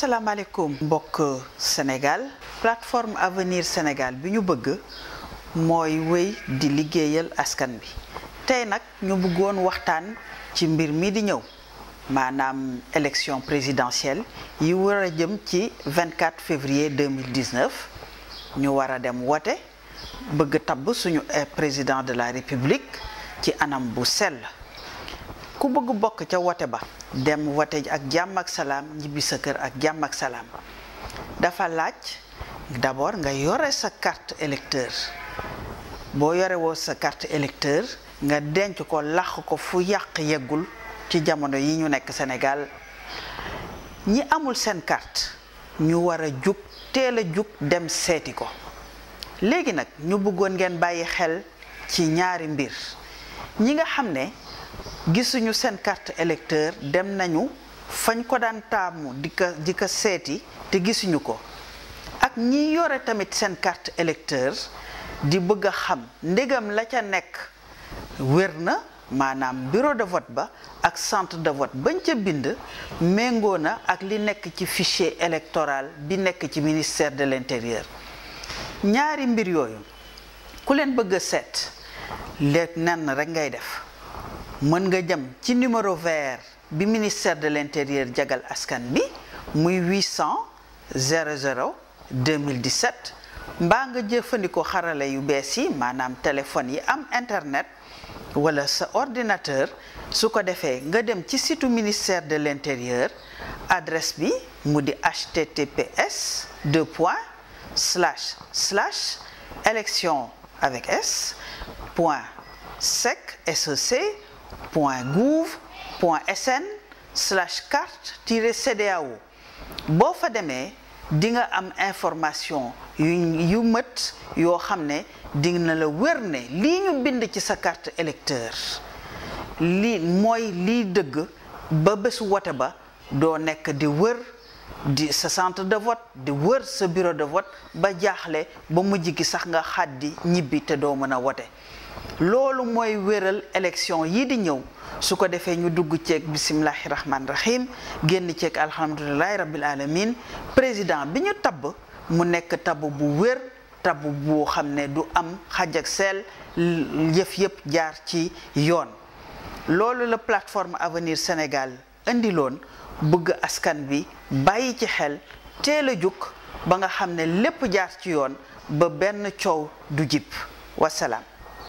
alaikum. mbokk Sénégal plateforme avenir Sénégal bi nous bëgg mooy wéy di liggéeyal askan bi voulons parler ñu bëggoon waxtaan ci mbir mi di élection présidentielle qui war a jëm 24 février 2019 Nous wara dem nous bëgg tabb suñu eh, président de la république est anam bu ku bëgg bokk ca wote ba dem wote ji ak jàmm ak salaam ñibbi sa kër ak jàmm ak salaam dafa laaj d'abord nga yore sa carte électeur boo yore woo sa carte électeur nga denc ko làq ko fu yàq yeggul ci jamono yi ñu nekk Sénégal ñi amul seen carte ñu war a jug teel a jug dem seeti ko léegi nag ñu bëggoon ngeen bàyyi xel ci ñaari mbir ñi nga xam ne gisuñu seen carte électeur dem nañu fañ ko daan taamu di seeti te gisuñu ko ak ñi yore tamit seen carte électeur di bëgg a xam ndegam la ca nekk wér na maanaam bureau de vote ba ak centre de vote bañ ca bind méngoo na ak li nekk ci fichier électoral bi nekk ci ministère de l'intérieur ñaari mbir yooyu ku leen bëgg a seet léeg nan rek ngay def mën nga jëm ci numéro vert bi ministère de l'intérieur jagal askan bi muy 800 00 2017 mba nga jëfandikoo xarala yu bees yi maanaam téléphone yi am internet wala sa ordinateur su ko defee nga dem ci ministère de l'intérieur adresse bi mu di https 2. slash slash avec s sec sec point gouv point sn slash carte tiré CEDEAO boo fa demee dinga am information yu mët yoo xam ne digg na la wér ne lii ñu bind ci sa carte électeur lii mooy lii dëgg ba bésu wote ba doo nekk di wër di sa centre de vote di wër sa bureau de vote ba jaaxle ba mu gi sax nga xàddi ñibbi te doo mën a wote loolu mooy wéral élection yi di ñëw su ko defee ñu dugg ceeg bisimilahi rahmaani rahim génn ceeg alhamdulilahi rabil alamin président bi ñu tabb mu nekk tabb bu wér tabb bu xam ne du am xaj seel yëf yëpp jaar ci yoon loolu la plateforme avenir Sénégal indi bëgg askan bi bàyyi ci xel teel a jug ba nga xam ne lépp jaar ci yoon ba benn coow du jip wasalaam